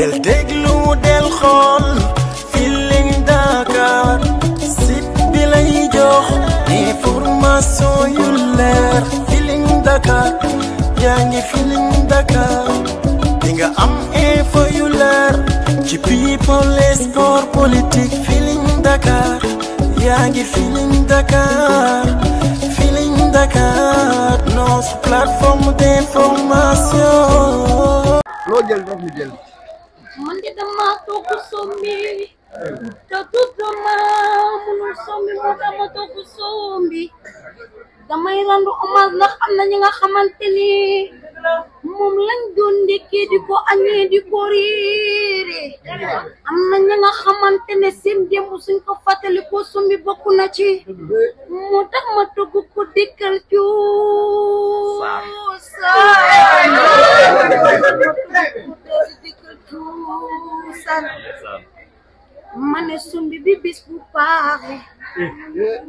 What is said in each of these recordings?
del déglu del xool Feeling Dakar site bi lay yu leer Feeling Dakar yaa ngi Feeling Dakar nga am info yu leer ci people et sport politique Feeling Dakar yaa ngi Feeling Dakar Feeling Dakar nos plateforme d'information. loo man de dama toog sombi te tout dama munul sombi moo tax ma sombi damay rendu hommage ndax am na ñi nga xamante ni moom lañ doon ndekkee di ko añee di ko réere am na ñi nga xamante ne seen démb suñ ko sombi bokk na ci moo tax ma togg ko dëkkal coosaa ma ne sumbi bi bis bu paaxe eh, eh,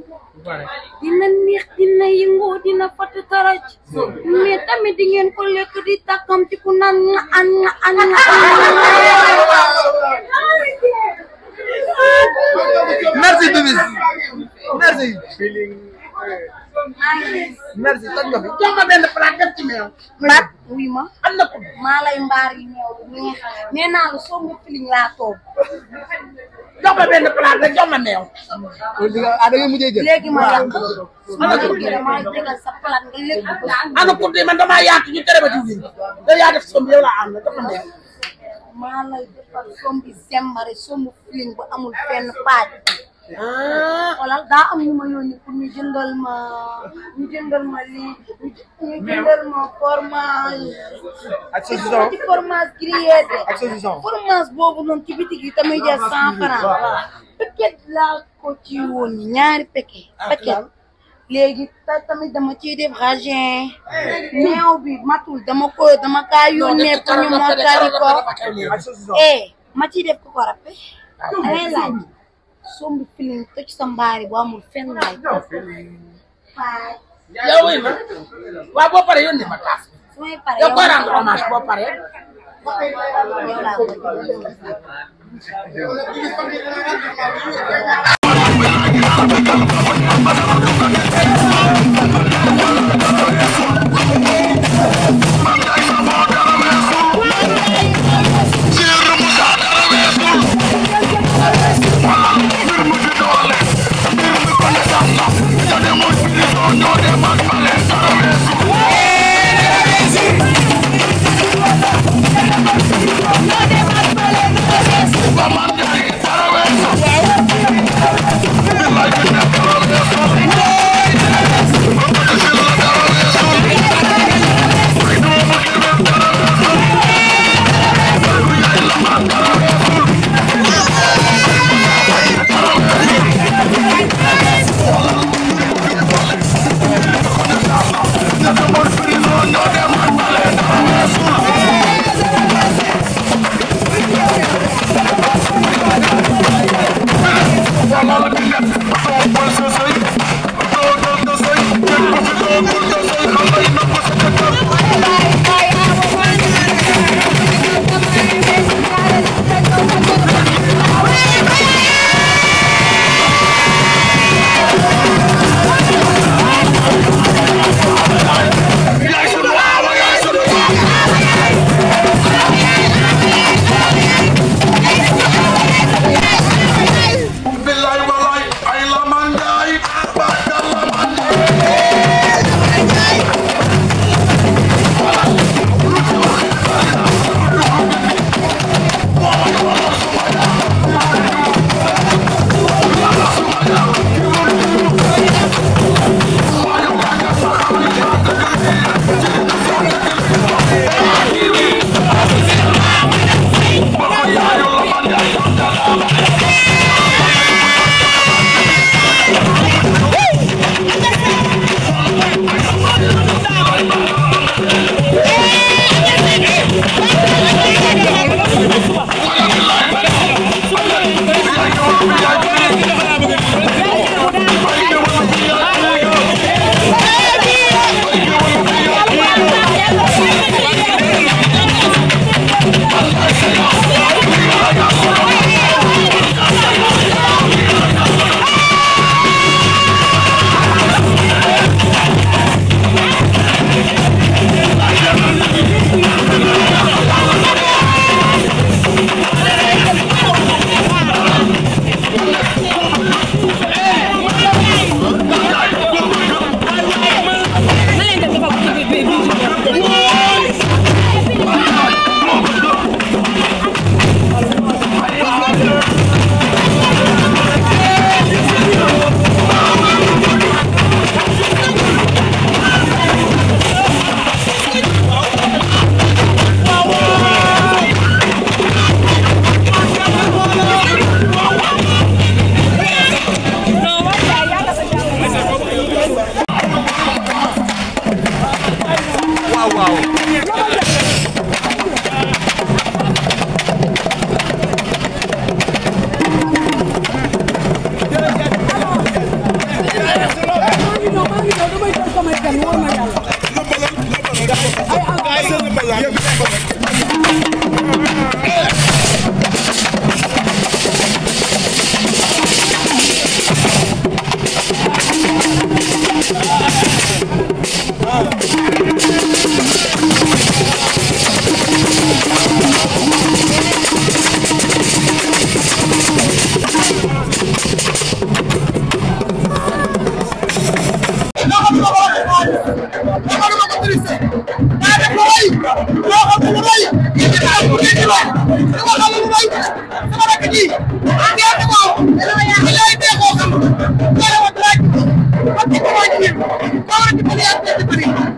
dina neex dina yëngoo dina fat taraj eh. mais tamit di ngeen ko lekk di tàkkam ci ku naan na an na an na merci Bibis merci merci toj nga fi jox ma benn plat def ci meew plat wuy ma am na ko maa lay mbaar yi meew neex nee naa la soo mu filing laa toog jox ma benn plat rek jox ma meew. ah da ngay mujjee jël. léegi ma yàq ana kuréel man damaa yaatu ñu tere ba ci biir yow yaa def somb yow laa am na jox ma meew. maa lay defal sombi sembare sombu fiin amul fenn paaj. ah wala daa am ñu ma yónni pour ñu jëndal ma ñu jëndal ma lii ñu jëndal ma fromage. ak saucisson boobu noonu ci bitig yi tamit jar cent franc. paquet laa ko ci woon ñaari paquet. paquet léegi tamit dama ciy def ragin. meew bi matul dama ko dama kaa yónnee pour ñu mottali ko. ma ciy def ko ko rappe. soo mu feeling toj sa mbaari bu amul fenn laay. yow ma waaw boo paree yónnee ma kaas. su may paree yow koy rendre hommage boo paree. bay loo xam lu bay yéen a am lu nekk la dama xam lu bay sama rakk ji teew na ko ma yaay tee koo xam dara wa dara ji ko ma ci ko ma ci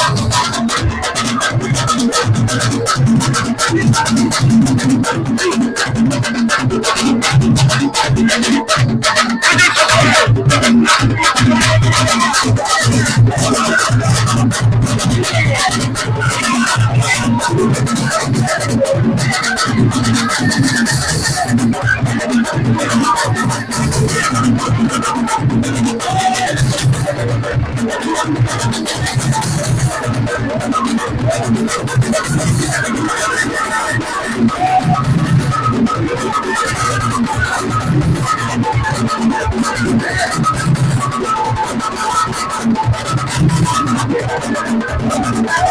Thank you.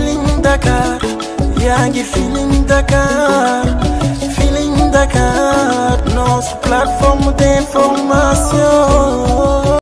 Dakar yaa ngi Dakar Feeling Dakar nos plateforme d'information